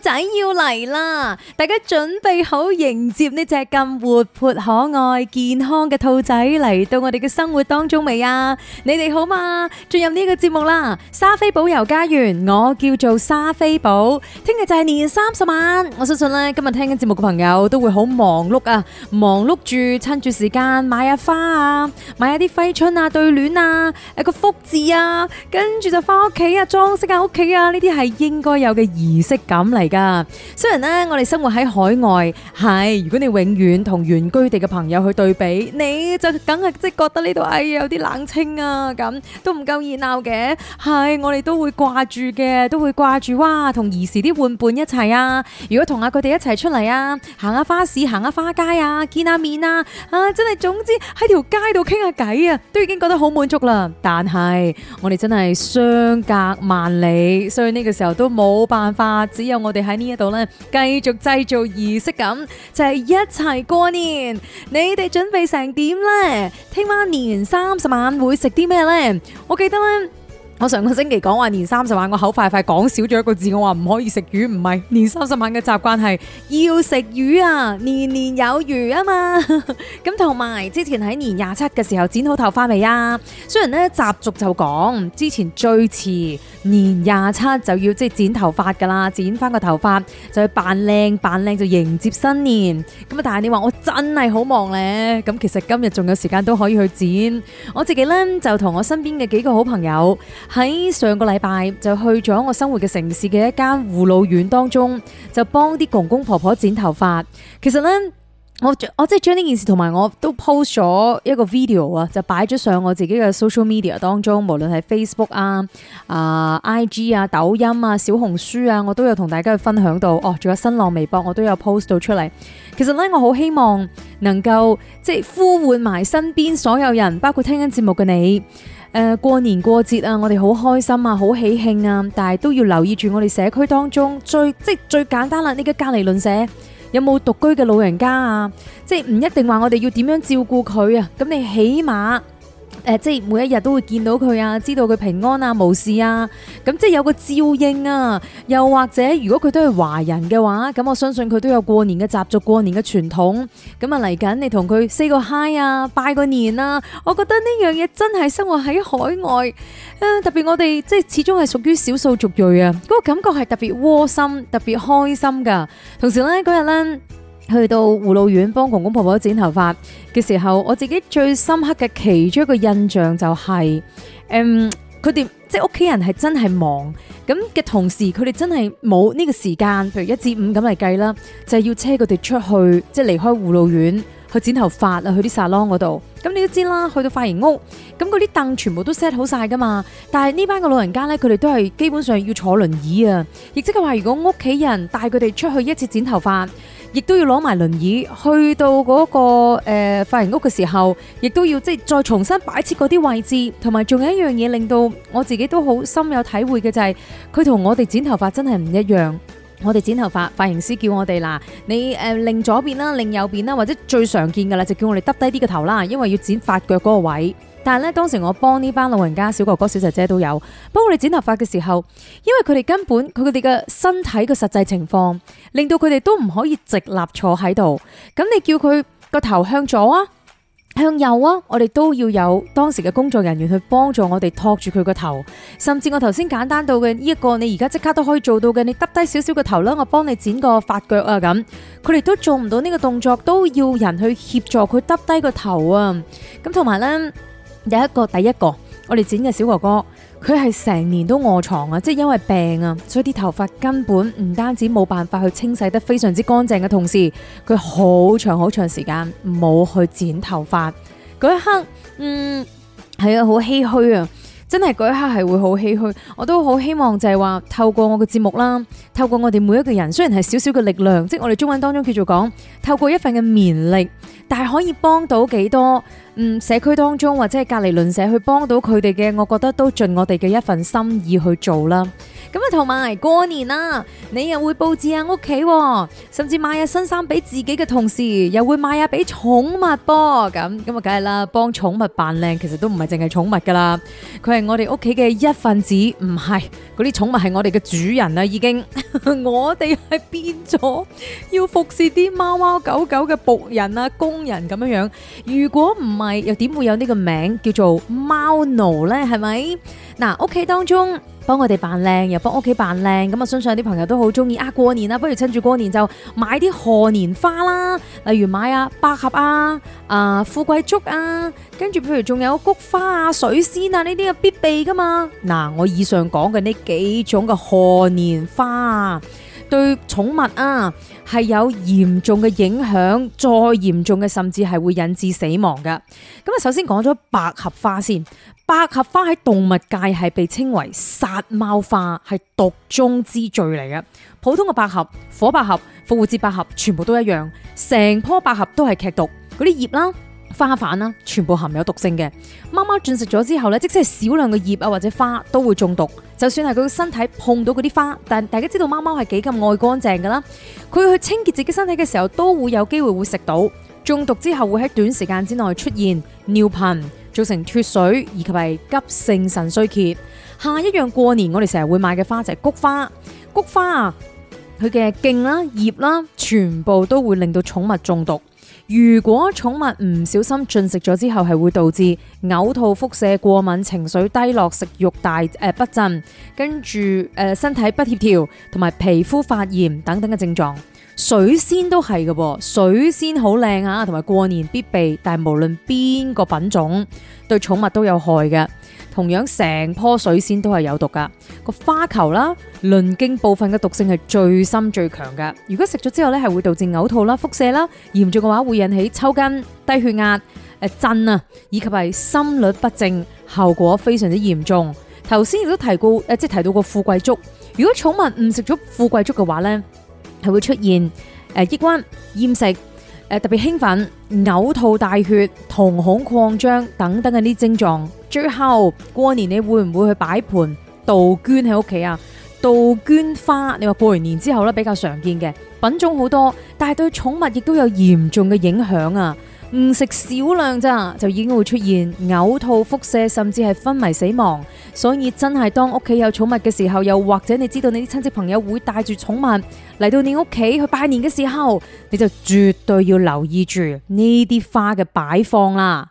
仔要嚟啦！大家準備好迎接呢隻咁活潑可愛、健康嘅兔仔嚟到我哋嘅生活當中未啊？你哋好嘛？進入呢個節目啦！莎菲寶遊加園，我叫做莎菲寶。聽日就係年三十晚，我相信咧今日聽緊節目嘅朋友都會好忙碌啊！忙碌住趁住時間買下花啊，買下啲揮春啊、對聯啊，一個福字啊，跟住就翻屋企啊，裝飾下屋企啊，呢啲係應該有嘅儀式感嚟。噶，雖然呢，我哋生活喺海外，係如果你永遠同原居地嘅朋友去對比，你就梗係即係覺得呢度哎有啲冷清啊，咁都唔夠熱鬧嘅。係我哋都會掛住嘅，都會掛住，哇，同兒時啲玩伴一齊啊！如果同下佢哋一齊出嚟啊，行下花市，行下花街啊，見下面啊，啊，真係總之喺條街度傾下偈啊，都已經覺得好滿足啦。但係我哋真係相隔萬里，所以呢個時候都冇辦法，只有我哋。喺呢一度咧，繼續製造儀式感，就係一齊過年。你哋準備成點呢？聽晚年三十晚會食啲咩呢？我記得咧。我上個星期講話年三十晚，我口快快講少咗一個字，我話唔可以食魚，唔係，年三十晚嘅習慣係要食魚啊，年年有餘啊嘛。咁同埋之前喺年廿七嘅時候剪好頭髮未啊？雖然呢，習俗就講之前最遲年廿七就要即係剪頭髮噶啦，剪翻個頭髮就去扮靚，扮靚就迎接新年。咁啊，但係你話我真係好忙咧，咁其實今日仲有時間都可以去剪。我自己呢，就同我身邊嘅幾個好朋友。喺上個禮拜就去咗我生活嘅城市嘅一間護老院當中，就幫啲公公婆婆剪頭髮。其實呢，我我即係將呢件事同埋我都 post 咗一個 video 啊，就擺咗上我自己嘅 social media 當中，無論係 Facebook 啊、啊 IG 啊、抖音啊、小紅書啊，我都有同大家去分享到。哦，仲有新浪微博我都有 post 到出嚟。其實呢，我好希望能夠即係呼喚埋身邊所有人，包括聽緊節目嘅你。誒、呃，過年過節啊，我哋好開心啊，好喜慶啊，但係都要留意住我哋社區當中最即係最簡單啦，呢個隔籬鄰舍有冇獨居嘅老人家啊？即係唔一定話我哋要點樣照顧佢啊，咁你起碼。誒，即係每一日都會見到佢啊，知道佢平安啊無事啊，咁即係有個照應啊。又或者，如果佢都係華人嘅話，咁我相信佢都有過年嘅習俗、過年嘅傳統。咁啊嚟緊，你同佢 say 個 hi 啊，拜個年啦。我覺得呢樣嘢真係生活喺海外，誒特別我哋即係始終係屬於少數族裔啊，嗰個感覺係特別窩心、特別開心噶。同時咧嗰日咧。去到護老院幫公公婆婆，婆剪頭髮嘅時候，我自己最深刻嘅其中一個印象就係、是，誒、嗯，佢哋即係屋企人係真係忙咁嘅同時，佢哋真係冇呢個時間，譬如一至五咁嚟計啦，就係、是、要車佢哋出去，即係離開護老院去剪頭髮啊，去啲 salon 嗰度。咁你都知啦，去到髮型屋咁嗰啲凳全部都 set 好晒噶嘛。但係呢班嘅老人家呢，佢哋都係基本上要坐輪椅啊。亦即係話，如果屋企人帶佢哋出去一次剪頭髮，亦都要攞埋輪椅去到嗰、那個誒、呃、髮型屋嘅時候，亦都要即係再重新擺設嗰啲位置，同埋仲有一樣嘢令到我自己都好深有體會嘅就係，佢同我哋剪頭髮真係唔一樣。我哋剪頭髮髮型師叫我哋嗱，你誒擰、呃、左邊啦，擰右邊啦，或者最常見㗎啦，就叫我哋耷低啲個頭啦，因為要剪髮腳嗰個位。但係咧，當時我幫呢班老人家、小哥哥、小姐姐都有幫我哋剪頭髮嘅時候，因為佢哋根本佢哋嘅身體嘅實際情況，令到佢哋都唔可以直立坐喺度。咁你叫佢個頭向左啊，向右啊，我哋都要有當時嘅工作人員去幫助我哋托住佢個頭。甚至我頭先簡單到嘅呢一個，你而家即刻都可以做到嘅，你耷低少少個頭啦，我幫你剪個髮腳啊咁。佢哋都做唔到呢個動作，都要人去協助佢耷低個頭啊。咁同埋咧。有一個第一個我哋剪嘅小哥哥，佢係成年都臥床啊，即係因為病啊，所以啲頭髮根本唔單止冇辦法去清洗得非常之乾淨嘅同時，佢好長好長時間冇去剪頭髮。嗰一刻，嗯，係啊，好唏噓啊，真係嗰一刻係會好唏噓。我都好希望就係話，透過我嘅節目啦，透過我哋每一個人，雖然係少少嘅力量，即係我哋中文當中叫做講，透過一份嘅綿力，但係可以幫到幾多。嗯，社區當中或者係隔離鄰舍去幫到佢哋嘅，我覺得都盡我哋嘅一份心意去做啦。咁啊，同埋過年啦，你又會佈置下屋企，甚至買下新衫俾自己嘅同事，又會買下俾寵物噃。咁咁啊，梗係啦，幫寵物扮靚，其實都唔係淨係寵物㗎啦。佢係我哋屋企嘅一份子，唔係嗰啲寵物係我哋嘅主人啦、啊，已經我哋係變咗要服侍啲貓貓狗狗嘅僕人啊，工人咁樣樣。如果唔又點會有呢個名叫做貓奴呢？係咪？嗱，屋企當中幫我哋扮靚，又幫屋企扮靚，咁啊，相信有啲朋友都好中意啊！過年啦，啊，不如趁住過年就買啲賀年花啦，例如買啊百合啊，啊富貴竹啊，跟住譬如仲有菊花啊、水仙啊呢啲啊必備噶嘛。嗱、啊，我以上講嘅呢幾種嘅賀年花，啊。對寵物啊，係有嚴重嘅影響，再嚴重嘅甚至係會引致死亡㗎。咁啊，首先講咗百合花先，百合花喺動物界係被稱為殺貓花，係毒中之最嚟嘅。普通嘅百合、火百合、復活節百合，全部都一樣，成棵百合都係劇毒，嗰啲葉啦，花瓣啦，全部含有毒性嘅，貓貓進食咗之後咧，即使係少量嘅葉啊或者花都會中毒。就算係佢個身體碰到嗰啲花，但大家知道貓貓係幾咁愛乾淨噶啦，佢去清潔自己身體嘅時候都會有機會會食到中毒，之後會喺短時間之內出現尿頻，造成脱水以及係急性腎衰竭。下一樣，過年我哋成日會買嘅花就係菊花。菊花啊，佢嘅莖啦、葉啦，全部都會令到寵物中毒。如果寵物唔小心進食咗之後，係會導致嘔吐、腹瀉、過敏、情緒低落、食欲大誒、呃、不振，跟住誒、呃、身體不協調，同埋皮膚發炎等等嘅症狀。水仙都係嘅，水仙好靚啊，同埋過年必備，但係無論邊個品種對寵物都有害嘅。同樣成棵水仙都係有毒噶，個花球啦、鱗莖部分嘅毒性係最深最強嘅。如果食咗之後咧，係會導致嘔吐啦、腹瀉啦，嚴重嘅話會引起抽筋、低血壓、誒震啊，以及係心律不正，效果非常之嚴重。頭先亦都提過，誒即係提到過富貴竹，如果寵物唔食咗富貴竹嘅話咧，係會出現誒抑鬱、厭食。誒，特別興奮、嘔吐、大血、瞳孔擴張等等嘅啲症狀。最後過年你會唔會去擺盤杜鵑喺屋企啊？杜鵑花，你話過完年之後呢，比較常見嘅品種好多，但係對寵物亦都有嚴重嘅影響啊！唔食少量咋，就已經會出現嘔吐、腹瀉，甚至係昏迷、死亡。所以真係當屋企有寵物嘅時候，又或者你知道你啲親戚朋友會帶住寵物嚟到你屋企去拜年嘅時候，你就絕對要留意住呢啲花嘅擺放啦。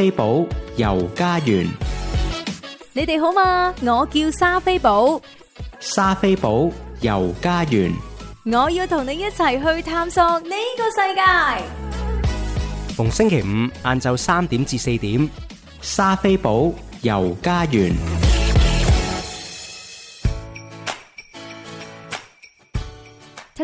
莎菲寶遊加園，你哋好嘛？我叫莎菲寶，莎菲寶遊加園，我要同你一齊去探索呢個世界。逢星期五晏晝三點至四點，莎菲寶遊加園。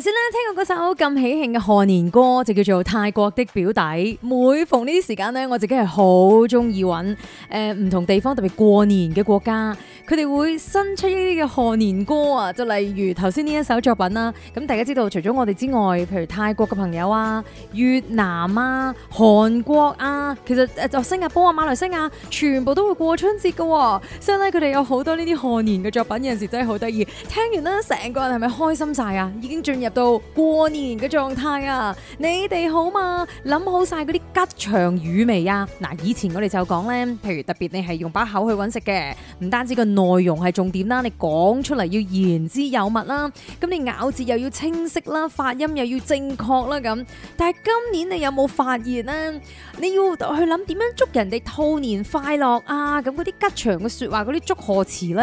先咧，聽過嗰首咁喜慶嘅賀年歌，就叫做《泰國的表弟》。每逢呢啲時間呢，我自己係好中意揾誒唔同地方特別過年嘅國家，佢哋會新出呢啲嘅賀年歌啊，就例如頭先呢一首作品啦。咁大家知道，除咗我哋之外，譬如泰國嘅朋友啊、越南啊、韓國啊，其實就新加坡啊、馬來西亞，全部都會過春節嘅，所以咧佢哋有好多呢啲賀年嘅作品，有陣時真係好得意。聽完咧，成個人係咪開心晒啊？已經進入到過年嘅狀態啊！你哋好嘛？諗好曬嗰啲吉祥語未啊？嗱，以前我哋就講咧，譬如特別你係用把口去揾食嘅，唔單止個內容係重點啦，你講出嚟要言之有物啦，咁你咬字又要清晰啦，發音又要正確啦咁。但係今年你有冇發現呢？你要去諗點樣祝人哋兔年快樂啊？咁嗰啲吉祥嘅説話，嗰啲祝賀詞呢，誒、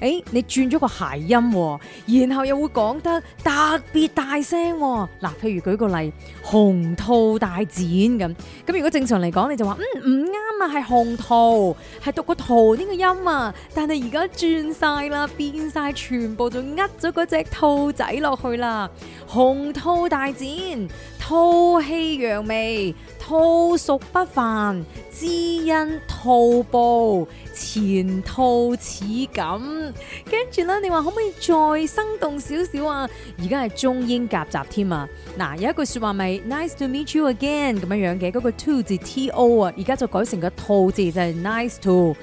哎，你轉咗個諧音，然後又會講得特別。大聲嗱、哦，譬如舉個例，紅兔大戰咁，咁如果正常嚟講，你就話嗯唔啱啊，係、嗯、紅兔，係讀個圖呢個音啊，但係而家轉晒啦，變晒，全部就呃咗嗰隻兔仔落去啦，紅兔大戰。吐氣揚眉，吐俗不凡，知恩吐報，前吐似錦，跟住咧，你話可唔可以再生動少少啊？而家係中英夾雜添啊！嗱，有一句説話咪、就是、Nice to meet you again 咁樣樣嘅，嗰、那個 to 字 T O 啊，而家就改成個吐字就係、是、Nice to。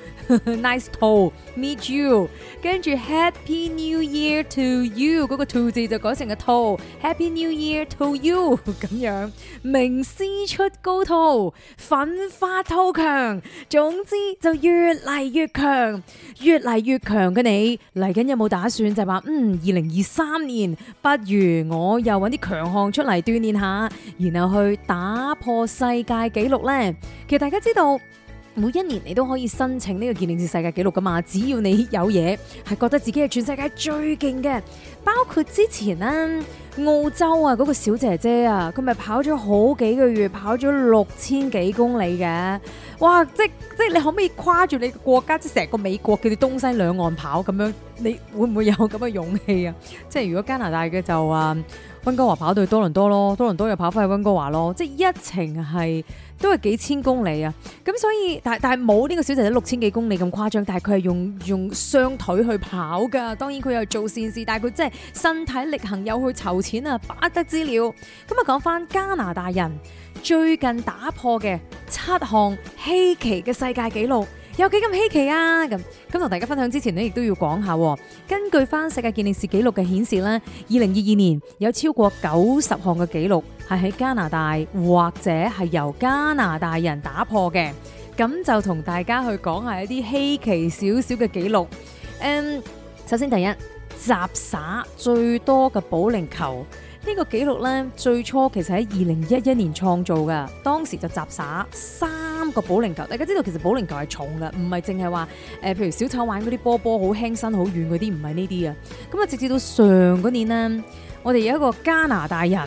Nice tomeet you，跟住 Happy New Year to you，嗰個兔字就改成個兔，Happy New Year to you 咁樣。名師出高徒，奮發圖強，總之就越嚟越強，越嚟越強嘅，你嚟緊有冇打算就話，嗯，二零二三年不如我又揾啲強項出嚟鍛煉下，然後去打破世界紀錄呢？其實大家知道。每一年你都可以申請呢個健力士世界紀錄㗎嘛，只要你有嘢，係覺得自己係全世界最勁嘅。包括之前咧、啊、澳洲啊、嗰個小姐姐啊，佢咪跑咗好幾個月，跑咗六千幾公里嘅，哇！即係即係你可唔可以跨住你國家，即係成個美國嘅東西兩岸跑咁樣？你會唔會有咁嘅勇氣啊？即係如果加拿大嘅就啊溫哥華跑到去多倫多咯，多倫多又跑翻去溫哥華咯，即係一程係都係幾千公里啊！咁所以但但係冇呢個小姐姐六千幾公里咁誇張，但係佢係用用雙腿去跑噶。當然佢又做善事，但係佢真係。身體力行又去籌錢啊，巴得資料。咁啊，講翻加拿大人最近打破嘅七項稀奇嘅世界紀錄，有幾咁稀奇啊？咁咁同大家分享之前呢，亦都要講下。根據翻世界健力士紀錄嘅顯示呢，二零二二年有超過九十項嘅紀錄係喺加拿大或者係由加拿大人打破嘅。咁就同大家去講下一啲稀奇少少嘅紀錄。誒，um，首先第一。雜耍最多嘅保齡球，呢個紀錄呢，最初其實喺二零一一年創造噶，當時就雜耍三個保齡球。大家知道其實保齡球係重噶，唔係淨係話誒，譬如小丑玩嗰啲波波好輕身好軟嗰啲，唔係呢啲啊。咁啊，直至到上嗰年呢，我哋有一個加拿大人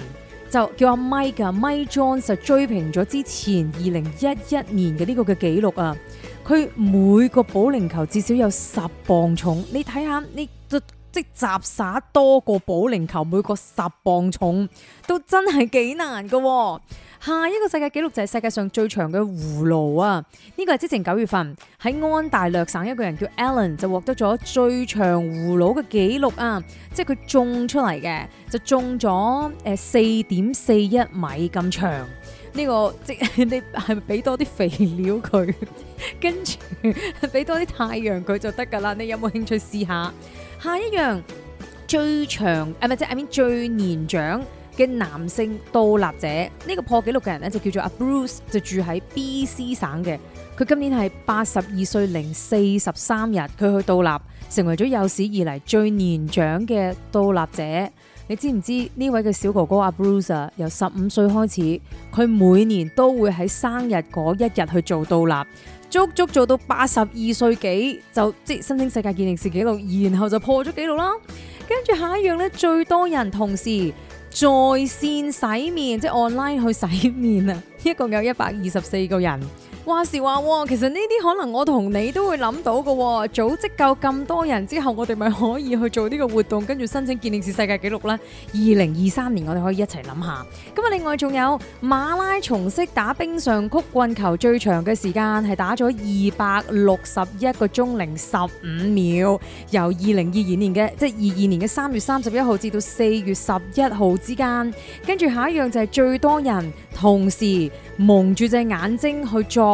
就叫阿 Mike 噶，Mike Jones 就追平咗之前二零一一年嘅呢個嘅紀錄啊。佢每個保齡球至少有十磅重，你睇下，你都。即雜耍多個保齡球，每個十磅重都真係幾難噶，哦。下一個世界紀錄就係世界上最長嘅葫蘆啊！呢，這個係之前九月份喺安大略省一個人叫 Alan 就獲得咗最長葫蘆嘅紀錄啊！即係佢種出嚟嘅就種咗誒四點四一米咁長呢，這個即你係咪俾多啲肥料佢，跟住俾多啲太陽佢就得噶啦？你有冇興趣試下？下一樣最長，誒咪？即係最年長嘅男性倒立者，呢個破紀錄嘅人咧就叫做阿 Bruce，就住喺 BC 省嘅。佢今年係八十二歲零四十三日，佢去倒立，成為咗有史以嚟最年長嘅倒立者。你知唔知呢位嘅小哥哥阿 Bruce 由十五歲開始，佢每年都會喺生日嗰一日去做倒立，足足做到八十二歲幾就即係申請世界健力士紀錄，然後就破咗紀錄啦。跟住下一樣呢，最多人同時在線洗面，即係 online 去洗面啊！一共有一百二十四個人。話時話，其實呢啲可能我同你都會諗到嘅。組織夠咁多人之後，我哋咪可以去做呢個活動，跟住申請健力士世界紀錄啦。二零二三年我哋可以一齊諗下。咁啊，另外仲有馬拉松式打冰上曲棍球最長嘅時間係打咗二百六十一個鐘零十五秒，由二零二二年嘅，即係二二年嘅三月三十一號至到四月十一號之間。跟住下一樣就係最多人同時蒙住隻眼睛去再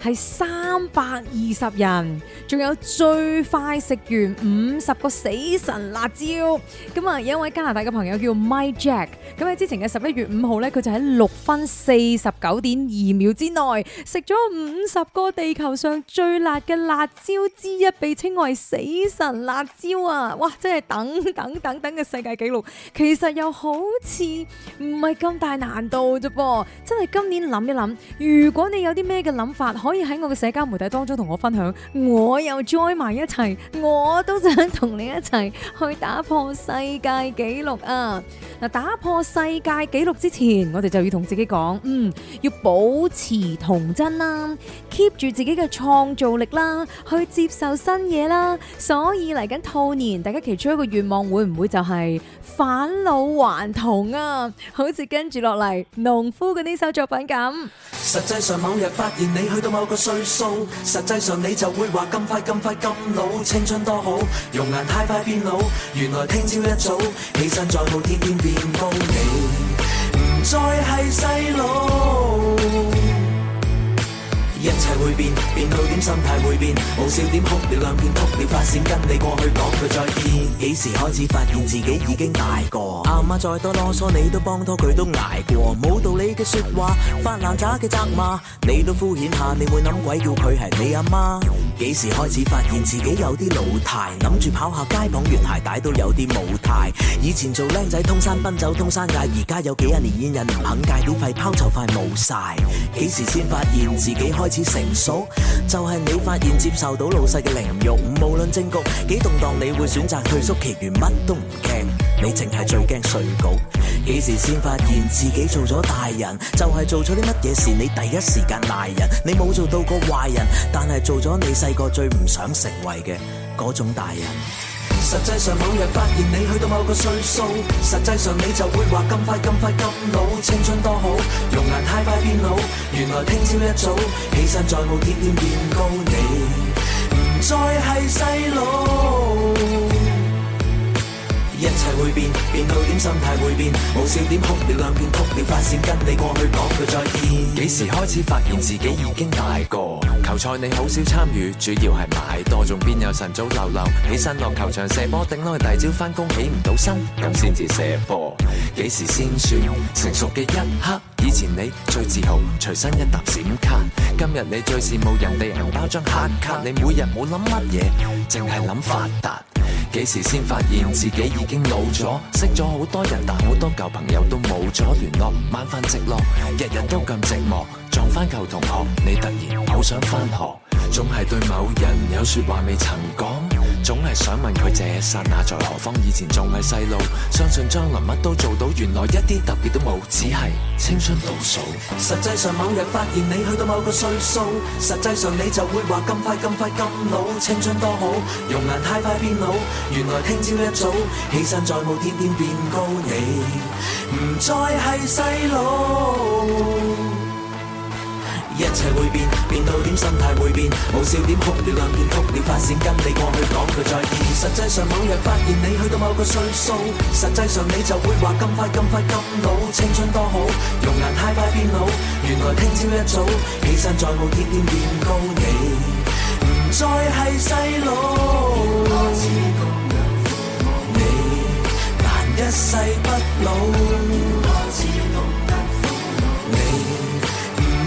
係三百二十人，仲有最快食完五十個死神辣椒。咁啊，有一位加拿大嘅朋友叫 Mike Jack，咁喺之前嘅十一月五號咧，佢就喺六分四十九點二秒之內食咗五十個地球上最辣嘅辣椒之一，被稱為死神辣椒啊！哇，真係等等等等嘅世界紀錄。其實又好似唔係咁大難度啫噃，真係今年諗一諗，如果你有啲咩嘅諗法，可以喺我嘅社交媒體當中同我分享，我又 join 埋一齊，我都想同你一齊去打破世界紀錄啊！嗱，打破世界紀錄之前，我哋就要同自己講，嗯，要保持童真啦，keep 住自己嘅創造力啦，去接受新嘢啦。所以嚟緊兔年，大家其中一個願望會唔會就係返老還童啊？好似跟住落嚟農夫嘅呢首作品咁。實際上某日發現你去到。個歲數，實際上你就會話咁快，咁快，咁老，青春多好，容顏太快變老。原來聽朝一早，起身再好，天天變高，你唔再係細路。一切會變，變到點心態會變，無笑點哭了兩遍，哭了發線，跟你過去講句再見。幾時開始發現自己已經大個？阿媽再多囉嗦，你都幫拖佢都捱過。冇道理嘅説話，發爛渣嘅責罵，你都敷衍下，你會諗鬼叫佢係你阿媽？幾時開始發現自己有啲老態？諗住跑下街綁完鞋帶都有啲冇態。以前做靚仔通山奔走通山界，而家有幾廿年煙癮，唔肯戒啲肺泡就快冇晒。幾時先發現自己開？開始成熟，就係、是、你會發現接受到老細嘅凌辱，無論政局幾動盪，你會選擇退縮。其餘乜都唔驚，你淨係最驚稅局。幾時先發現自己做咗大人？就係、是、做咗啲乜嘢事，你第一時間賴人。你冇做到個壞人，但係做咗你細個最唔想成為嘅嗰種大人。實際上，某日發現你去到某個歲數，實際上你就會話：咁快咁快咁老，青春多好，容顏太快變老。原來聽朝一早起身，再冇點點變高，你唔再係細路。一切會變，變到點心態會變。無笑點哭了兩遍，哭了發線，跟你過去講句再見。幾時開始發現自己已經大個？球賽你好少參與，主要係買多，仲邊有晨早流流起身落球場射波？頂多大朝返工起唔到身，咁先至射波。幾時先算成熟嘅一刻？以前你最自豪隨身一沓閃卡，今日你最羨慕人哋銀包張黑卡。你每日冇諗乜嘢，淨係諗發達。幾時先發現自己已經老咗？識咗好多人，但好多舊朋友都冇咗聯絡，晚飯直落，日日都咁寂寞。撞翻舊同學，你突然好想返學，總係對某人有說話未曾講。總係想問佢，啊，這一剎那在何方？以前仲係細路，相信將來乜都做到，原來一啲特別都冇，只係青春倒數。實際上某日發現你去到某個歲數，實際上你就會話咁快咁快咁老，青春多好，容顏太快變老。原來聽朝一早起身再冇，天天變高，你唔再係細路。一切會變，變到點心態會變，無笑點哭了兩遍，兩哭了髮線，跟你過去講句再見。實際上某日發現你去到某個歲數，實際上你就會話咁快咁快咁老，青春多好，容顏太快變老。原來聽朝一早，起身再無天天變高，你唔再係細路，知你難一世不老。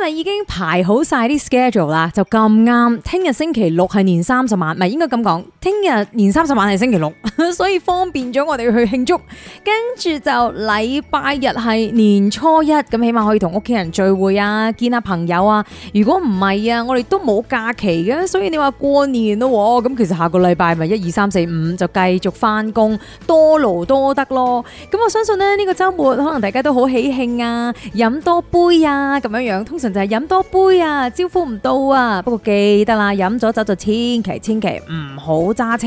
因為已經排好晒啲 schedule 啦，就咁啱，聽日星期六係年三十晚，唔係，應該咁講，聽日年三十晚係星期六，所以方便咗我哋去慶祝。跟住就禮拜日係年初一，咁起碼可以同屋企人聚會啊，見下朋友啊。如果唔係啊，我哋都冇假期嘅，所以你話過年咯，咁其實下個禮拜咪一二三四五就繼續翻工，多勞多得咯。咁我相信呢，呢個周末可能大家都好喜慶啊，飲多杯啊，咁樣樣，通常。就係飲多杯啊，招呼唔到啊！不過記得啦，飲咗酒就千祈千祈唔好揸車，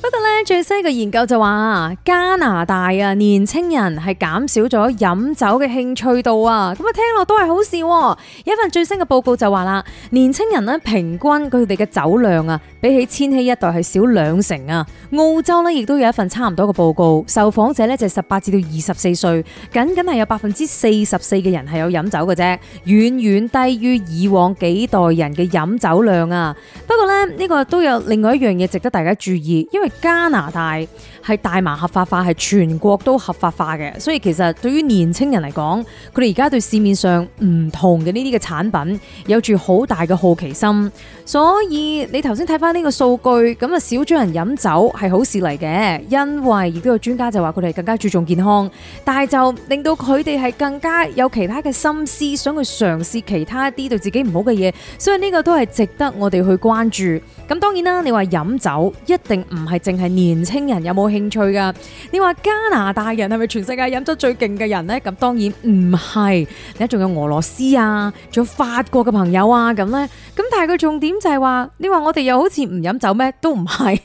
不過咧，最新嘅研究就話加拿大啊，年青人係減少咗飲酒嘅興趣度啊！咁啊，聽落都係好事啊。有一份最新嘅報告就話啦，年青人咧，平均佢哋嘅酒量啊，比起千禧一代係少兩成啊。澳洲咧亦都有一份差唔多嘅報告，受訪者咧就係十八至到二十四歲，僅僅係有百分之四十四嘅人係有飲酒嘅啫，遠遠遠低於以往幾代人嘅飲酒量啊！不過呢，呢個都有另外一樣嘢值得大家注意，因為加拿大。係大麻合法化，係全國都合法化嘅，所以其實對於年青人嚟講，佢哋而家對市面上唔同嘅呢啲嘅產品有住好大嘅好奇心，所以你頭先睇翻呢個數據，咁啊少咗人飲酒係好事嚟嘅，因為亦都有專家就話佢哋更加注重健康，但係就令到佢哋係更加有其他嘅心思，想去嘗試其他一啲對自己唔好嘅嘢，所以呢個都係值得我哋去關注。咁當然啦，你話飲酒一定唔係淨係年青人，有冇？興趣噶，你話加拿大人係咪全世界飲酒最勁嘅人呢？咁當然唔係，你仲有俄羅斯啊，仲有法國嘅朋友啊咁呢，咁但係個重點就係話，你話我哋又好似唔飲酒咩？都唔係。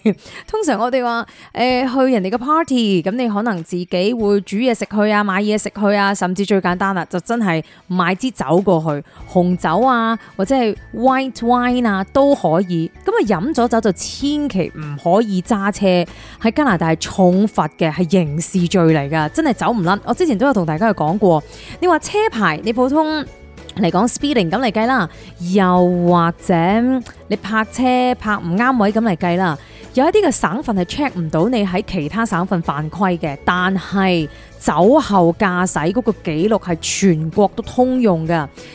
通常我哋話誒去人哋嘅 party，咁你可能自己會煮嘢食去啊，買嘢食去啊，甚至最簡單啦，就真係買支酒過去，紅酒啊或者係 white wine 啊都可以。咁啊飲咗酒就千祈唔可以揸車喺加拿大。重罰嘅係刑事罪嚟㗎，真係走唔甩。我之前都有同大家去講過，你話車牌你普通嚟講 speeding 咁嚟計啦，又或者你泊車泊唔啱位咁嚟計啦，有一啲嘅省份係 check 唔到你喺其他省份犯規嘅，但係。酒後駕駛嗰個記錄係全國都通用噶，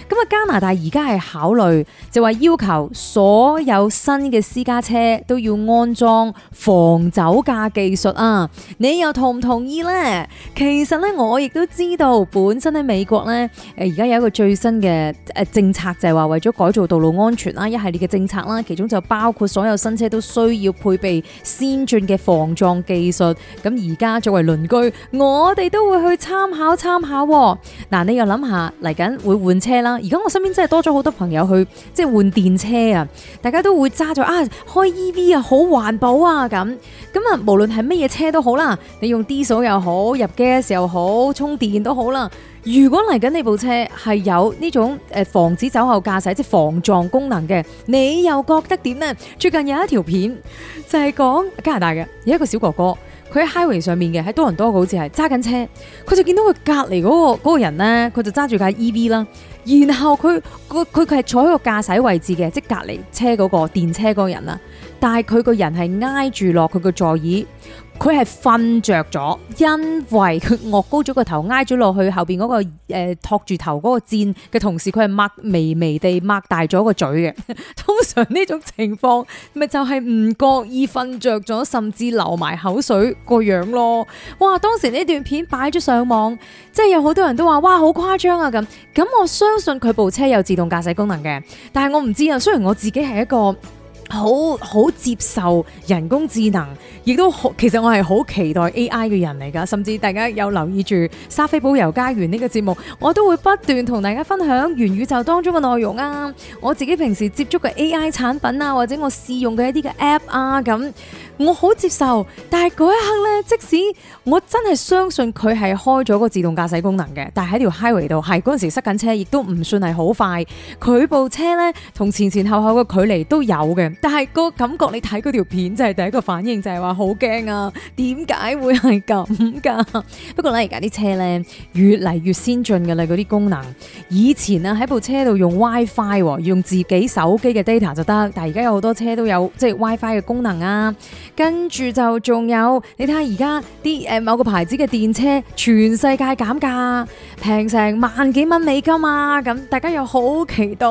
咁啊加拿大而家係考慮就話要求所有新嘅私家車都要安裝防酒駕技術啊，你又同唔同意咧？其實咧我亦都知道，本身喺美國咧誒而家有一個最新嘅誒政策就係話為咗改造道路安全啦一系列嘅政策啦，其中就包括所有新車都需要配備先進嘅防撞技術。咁而家作為鄰居，我哋都會去參考參考啊。嗱，你又諗下嚟緊會換車啦。而家我身邊真係多咗好多朋友去即係換電車啊！大家都會揸咗啊，開 EV 啊，好環保啊咁咁啊。無論係乜嘢車都好啦，你用 D 鎖又好，入 gas 又好，充電都好啦。如果嚟緊你部車係有呢種誒防止酒後駕駛即係防撞功能嘅，你又覺得點呢？最近有一條片就係講加拿大嘅，有一個小哥哥。佢喺 highway 上面嘅，喺多倫多好似係揸緊車，佢就見到佢隔籬嗰個個人咧，佢就揸住架 EV 啦，然後佢佢佢係坐喺個駕駛位置嘅，即係隔籬車嗰、嗰個電車嗰個人啦，但係佢個人係挨住落佢個座椅。佢係瞓着咗，因為佢惡高咗個頭，挨咗落去後邊嗰、嗰個誒、呃、托住頭嗰個箭嘅，同時，佢係擘微微地擘大咗個嘴嘅。通常呢種情況咪就係唔覺意瞓着咗，甚至流埋口水個樣咯。哇！當時呢段片擺咗上網，即係有好多人都話哇好誇張啊咁。咁我相信佢部車有自動駕駛功能嘅，但係我唔知啊。雖然我自己係一個。好好接受人工智能，亦都好。其實我係好期待 AI 嘅人嚟噶，甚至大家有留意住莎菲寶遊加園呢個節目，我都會不斷同大家分享元宇宙當中嘅內容啊。我自己平時接觸嘅 AI 產品啊，或者我試用嘅一啲嘅 App 啊，咁我好接受。但係嗰一刻咧，即使我真係相信佢係開咗個自動駕駛功能嘅，但係喺條 Highway 度係嗰陣時塞緊車，亦都唔算係好快。佢部車咧同前前後後嘅距離都有嘅。但係個感覺，你睇嗰條片就係第一個反應，就係話好驚啊！點解會係咁噶？不過咧，而家啲車咧越嚟越先進噶啦，嗰啲功能，以前啊喺部車度用 WiFi，用自己手機嘅 data 就得，但係而家有好多車都有即係 WiFi 嘅功能啊。跟住就仲有，你睇下而家啲誒某個牌子嘅電車，全世界減價，平成萬幾蚊美金啊！咁大家又好期待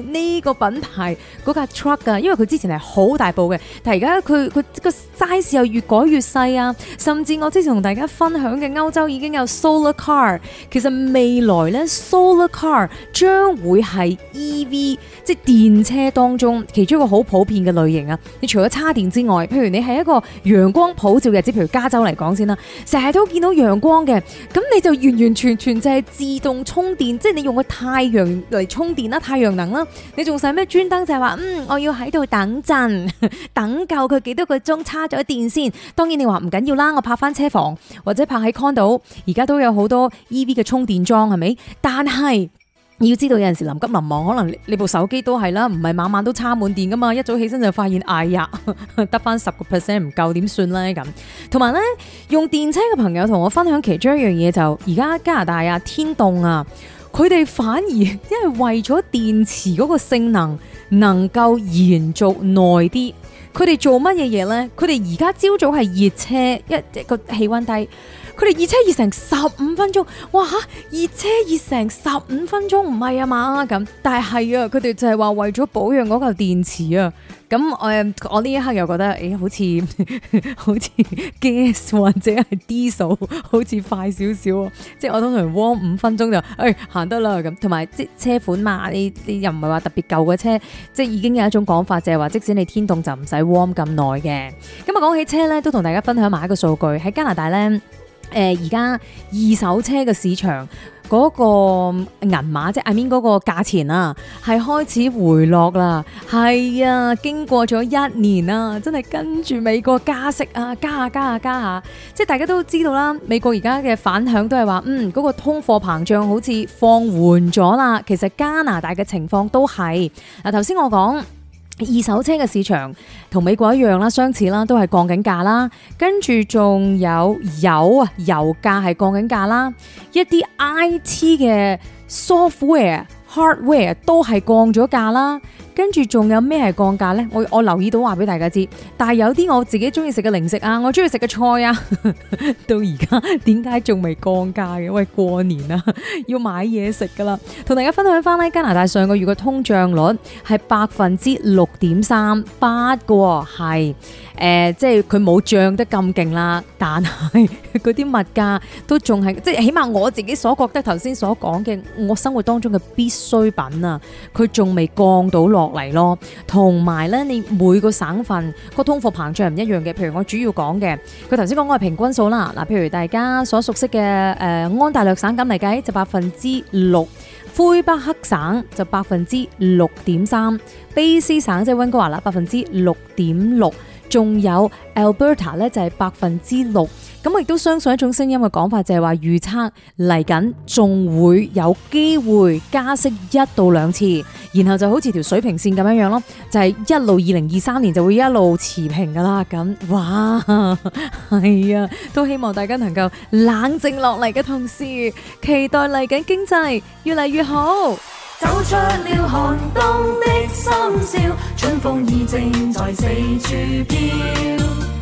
呢 個品牌嗰架 truck 噶。那個因為佢之前係好大部嘅，但係而家佢佢個 size 又越改越細啊！甚至我之前同大家分享嘅歐洲已經有 solar car，其實未來呢 solar car 將會係 EV，即係電車當中其中一個好普遍嘅類型啊！你除咗叉電之外，譬如你係一個陽光普照嘅，即譬如加州嚟講先啦，成日都見到陽光嘅，咁你就完完全全就係自動充電，即係你用個太陽嚟充電啦，太陽能啦，你仲使咩專登就係話嗯我要喺？到等陣，等夠佢幾多個鐘，叉咗電先。當然你話唔緊要啦，我泊翻車房或者泊喺 con 度，而家都有好多 EV 嘅充電樁，係咪？但係要知道有陣時臨急臨忙，可能你部手機都係啦，唔係晚晚都叉滿電噶嘛。一早起身就發現哎呀，得翻十個 percent 唔夠，點算呢？咁同埋呢，用電車嘅朋友同我分享其中一樣嘢，就而家加拿大啊，天凍啊，佢哋反而因為為咗電池嗰個性能。能夠延續耐啲，佢哋做乜嘢嘢咧？佢哋而家朝早係熱車，一個氣温低。佢哋熱車熱成十五分鐘，哇嚇！熱車熱成十五分鐘，唔係啊嘛咁，但係啊，佢哋就係話為咗保養嗰嚿電池啊。咁我我呢一刻又覺得，誒、欸、好似好似 gas 或者係 diesel 好似快少少啊。即係我通常 warm 五分鐘就誒、欸、行得啦咁。同埋即係車款嘛，呢啲又唔係話特別舊嘅車，即係已經有一種講法，就係話即使你天凍就唔使 warm 咁耐嘅。咁啊講起車咧，都同大家分享埋一個數據喺加拿大咧。誒，而家二手車嘅市場嗰、那個銀碼即係阿 m 嗰個價錢啊，係開始回落啦。係啊，經過咗一年啦、啊，真係跟住美國加息啊，加下、啊、加下、啊、加下、啊，即係大家都知道啦。美國而家嘅反響都係話，嗯，嗰、那個通貨膨脹好似放緩咗啦。其實加拿大嘅情況都係嗱，頭先我講。二手車嘅市場同美國一樣啦，相似啦，都係降緊價啦。跟住仲有油啊，油價係降緊價啦。一啲 IT 嘅 software、hardware 都係降咗價啦。跟住仲有咩係降價咧？我我留意到話俾大家知，但係有啲我自己中意食嘅零食啊，我中意食嘅菜啊， 到而家點解仲未降價嘅？喂，過年啊，要買嘢食噶啦，同大家分享翻咧，加拿大上個月嘅通脹率係百分之六點三八個係誒，即係佢冇漲得咁勁啦，但係啲物價都仲係，即係起碼我自己所覺得頭先所講嘅，我生活當中嘅必需品啊，佢仲未降到落。落嚟咯，同埋咧，你每個省份個通貨膨脹唔一樣嘅。譬如我主要講嘅，佢頭先講我係平均數啦。嗱，譬如大家所熟悉嘅、呃、安大略省咁嚟計，就百分之六；魁北克省就百分之六點三；卑詩省即係温哥華啦，百分之六點六；仲有 Alberta 咧，就係百分之六。咁我亦都相信一種聲音嘅講法，就係話預測嚟緊仲會有機會加息一到兩次，然後就好似條水平線咁樣樣咯，就係一路二零二三年就會一路持平噶啦。咁，哇，係啊，都希望大家能夠冷靜落嚟嘅同時，期待嚟緊經濟越嚟越好。走出了寒冬的心笑，春風已正在四處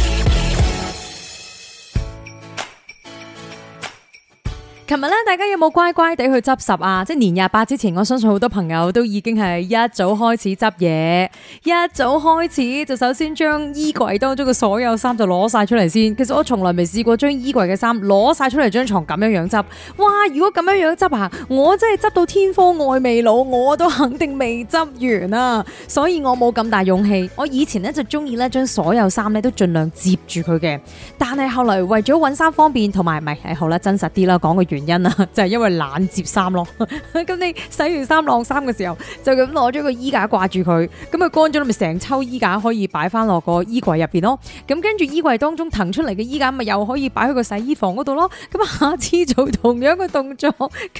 琴日咧，大家有冇乖乖地去執拾啊？即係年廿八之前，我相信好多朋友都已經係一早開始執嘢，一早開始就首先將衣櫃當中嘅所有衫就攞晒出嚟先。其實我從來未試過將衣櫃嘅衫攞晒出嚟，將床咁樣樣執。哇！如果咁樣樣執啊，我真係執到天荒外未老，我都肯定未執完啊！所以我冇咁大勇氣。我以前呢，就中意咧將所有衫咧都盡量接住佢嘅，但係後來為咗搵衫方便同埋，咪係、哎，好啦，真實啲啦，講個原因。原因啊，就係因為懶摺衫咯。咁你洗完衫晾衫嘅時候，就咁攞咗個衣架掛住佢，咁佢乾咗咪成抽衣架可以擺翻落個衣櫃入邊咯。咁跟住衣櫃當中騰出嚟嘅衣架，咪又可以擺去個洗衣房嗰度咯。咁下次做同樣嘅動作，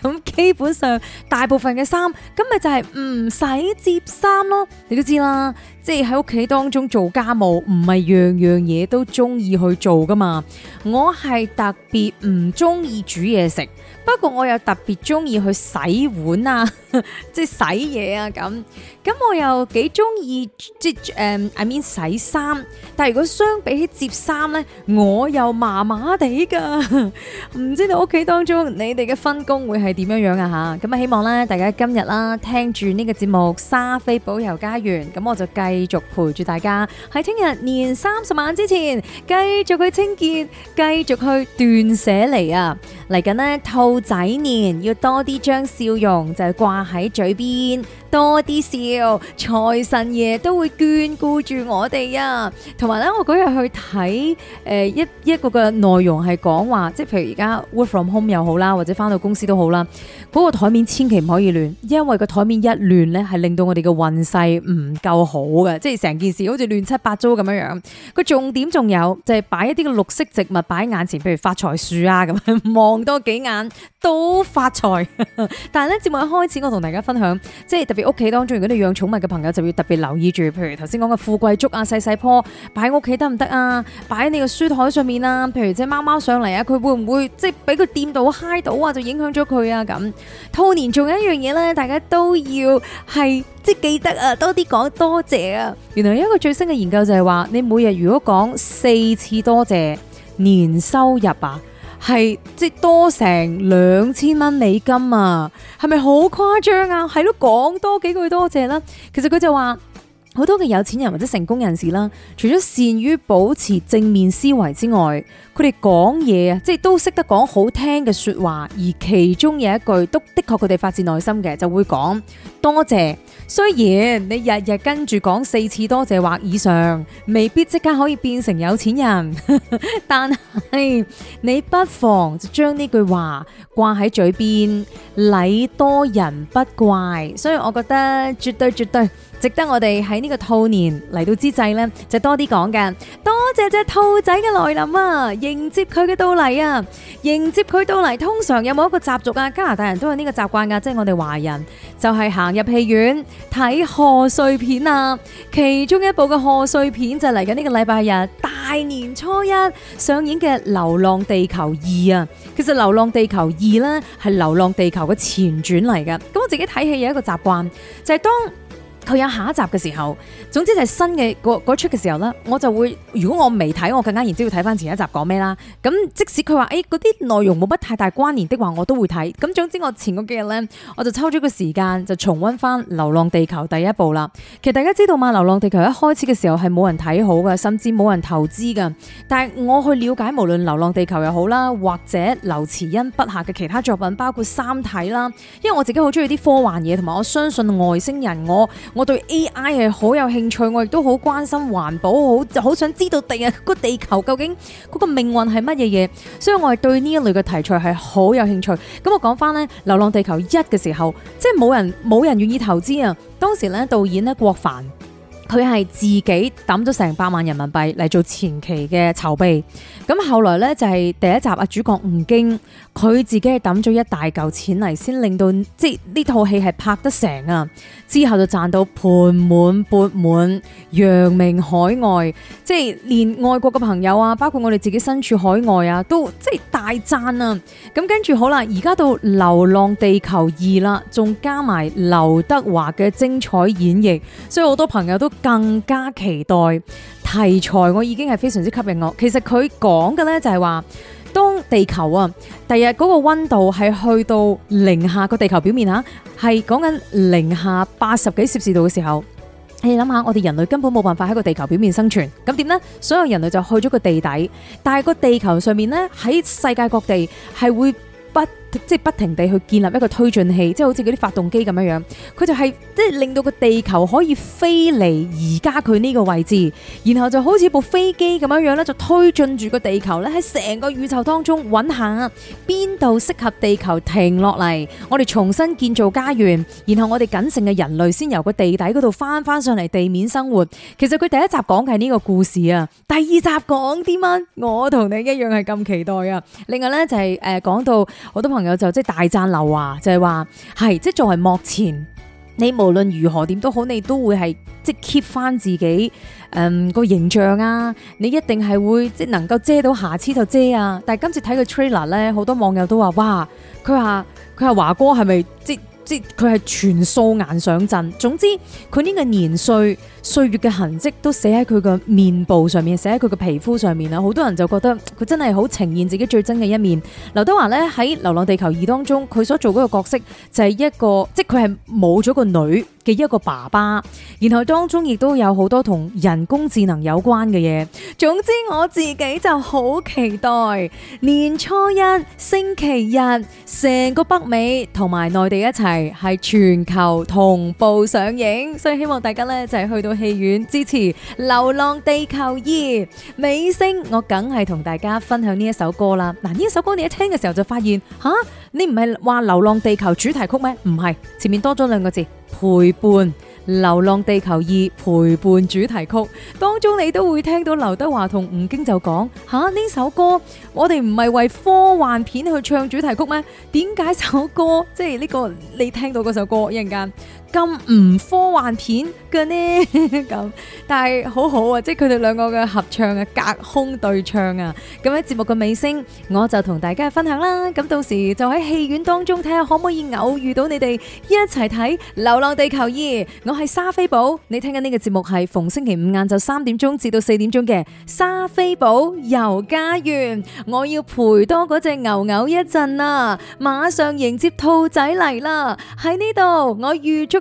咁基本上大部分嘅衫，咁咪就係唔使摺衫咯。你都知啦。即係喺屋企當中做家務，唔係樣樣嘢都中意去做噶嘛。我係特別唔中意煮嘢食，不過我又特別中意去洗碗啊，呵呵，即係洗嘢啊咁。咁我又幾中意即係誒 I mean 洗衫，但係如果相比起接衫咧，我又麻麻地噶，唔知道屋企當中你哋嘅分工會係點樣樣啊吓，咁啊，希望咧大家今日啦聽住呢個節目《莎菲寶遊加園》，咁我就繼續陪住大家喺聽日年三十晚之前繼續去清潔，繼續去斷捨離啊！嚟緊呢，兔仔年要多啲將笑容就係掛喺嘴邊，多啲笑。叫財神爺都會眷顧住我哋啊！同埋咧，我嗰日去睇誒、呃、一一個嘅內容係講話，即係譬如而家 work from home 又好啦，或者翻到公司都好啦，嗰、嗰個台面千祈唔可以亂，因為個台面一亂咧，係令到我哋嘅運勢唔夠好嘅，即係成件事好似亂七八糟咁樣樣。個重點仲有就係、係、擺一啲嘅綠色植物擺喺眼前，譬如發財樹啊咁樣望多幾眼都發財。但係咧節目一開始，我同大家分享，即係特別屋企當中啲。養寵物嘅朋友就要特別留意住，譬如頭先講嘅富貴竹啊，細細棵擺喺屋企得唔得啊？擺喺你個書台上面啊？譬如隻貓貓上嚟啊，佢會唔會即係俾佢掂到、嗨到啊？就影響咗佢啊？咁兔年仲有一樣嘢咧，大家都要係即係記得啊，多啲講多謝啊！原來有一個最新嘅研究就係話，你每日如果講四次多謝，年收入啊！係即多成兩千蚊美金呀，係咪好誇張呀？係咯，講多幾句多謝啦。其實佢就話，好多嘅有錢人或者成功人士啦，除咗善於保持正面思維之外，佢哋講嘢啊，即係都識得講好聽嘅說話，而其中有一句，都的確佢哋發自內心嘅，就會講多謝。雖然你日日跟住講四次多謝或以上，未必即刻可以變成有錢人， 但係你不妨就將呢句話掛喺嘴邊，禮多人不怪。所以我覺得絕對絕對。值得我哋喺呢個兔年嚟到之際呢，就多啲講嘅。多謝隻兔仔嘅來臨啊，迎接佢嘅到嚟啊，迎接佢到嚟。通常有冇一個習俗啊？加拿大人都有呢個習慣噶，即係我哋華人就係行入戲院睇賀歲片啊。其中一部嘅賀歲片就嚟緊呢個禮拜日大年初一上演嘅《流浪地球二》啊。其實《流浪地球二》呢，係《流浪地球》嘅前傳嚟㗎。咁我自己睇戲有一個習慣，就係當佢有下一集嘅時候，總之就係新嘅嗰出嘅時候呢，我就會如果我未睇，我更加然之要睇翻前一集講咩啦。咁即使佢話誒嗰啲內容冇乜太大關聯的話，我都會睇。咁總之我前個幾日呢，我就抽咗個時間就重溫翻《流浪地球》第一部啦。其實大家知道嘛，《流浪地球》一開始嘅時候係冇人睇好噶，甚至冇人投資噶。但係我去了解，無論《流浪地球》又好啦，或者劉慈欣筆下嘅其他作品，包括《三體》啦，因為我自己好中意啲科幻嘢，同埋我相信外星人我。我對 AI 係好有興趣，我亦都好關心環保，好就好想知道第日個地球究竟嗰個命運係乜嘢嘢？所以我係對呢一類嘅題材係好有興趣。咁我講翻呢《流浪地球一》嘅時候，即係冇人冇人願意投資啊！當時呢導演咧郭帆，佢係自己抌咗成百萬人民幣嚟做前期嘅籌備。咁後來呢，就係第一集啊，主角吳京。佢自己係抌咗一大嚿錢嚟，先令到即係呢套戲係拍得成啊！之後就賺到盆滿缽滿，揚名海外，即係連外國嘅朋友啊，包括我哋自己身處海外啊，都即係大讚啊！咁跟住好啦，而家到《流浪地球二》啦，仲加埋劉德華嘅精彩演繹，所以好多朋友都更加期待。題材我已經係非常之吸引我。其實佢講嘅呢就係話。當地球啊，第日嗰個溫度係去到零下，個地球表面吓，係講緊零下八十幾攝氏度嘅時候，你諗下，我哋人類根本冇辦法喺個地球表面生存，咁點呢？所有人類就去咗個地底，但係個地球上面呢，喺世界各地係會不。即係不停地去建立一個推進器，即係好似啲發動機咁樣樣，佢就係即係令到個地球可以飛離而家佢呢個位置，然後就好似部飛機咁樣樣咧，就推進住個地球咧，喺成個宇宙當中搵下邊度適合地球停落嚟，我哋重新建造家園，然後我哋僅剩嘅人類先由個地底度翻翻上嚟地面生活。其實佢第一集講嘅係呢個故事啊，第二集講啲乜？我同你一樣係咁期待啊！另外咧就係誒講到好多朋友。朋友就即係大贊劉華，就係話係即係作為幕前，你無論如何點都好，你都會係即係 keep 翻自己，嗯，個形象啊，你一定係會即係能夠遮到瑕疵就遮啊。但係今次睇個 trailer 咧，好多網友都話哇，佢話佢係華哥係咪即即佢係全素顏上陣？總之佢呢個年歲，歲月嘅痕跡都寫喺佢嘅面部上面，寫喺佢嘅皮膚上面啊！好多人就覺得佢真係好呈現自己最真嘅一面。劉德華咧，喺《流浪地球二》當中，佢所做嗰個角色就係一個，即佢係冇咗個女嘅一個爸爸。然後當中亦都有好多同人工智能有關嘅嘢。總之我自己就好期待年初一星期日成個北美同埋內地一齊係全球同步上映，所以希望大家咧就係去到戲院支持《流浪地球二》，尾聲我梗係同大家分享呢一首歌啦。嗱，呢一首歌你一聽嘅時候就發現，吓，你唔係話《流浪地球》主題曲咩？唔係，前面多咗兩個字陪伴，《流浪地球二》陪伴主題曲當中，你都會聽到劉德華同吳京就講吓呢首歌，我哋唔係為科幻片去唱主題曲咩？點解首歌即係呢個你聽到嗰首歌，一陣間？咁唔科幻片嘅呢，咁但係好好啊！即係佢哋兩個嘅合唱啊，隔空對唱啊，咁喺節目嘅尾聲，我就同大家分享啦。咁到時就喺戲院當中睇下可唔可以偶遇到你哋一齊睇《流浪地球二》。我係莎菲寶，你聽緊呢個節目係逢星期五晏晝三點鐘至到四點鐘嘅莎菲寶遊加園。我要陪多嗰隻牛牛一陣啊！馬上迎接兔仔嚟啦！喺呢度我預祝。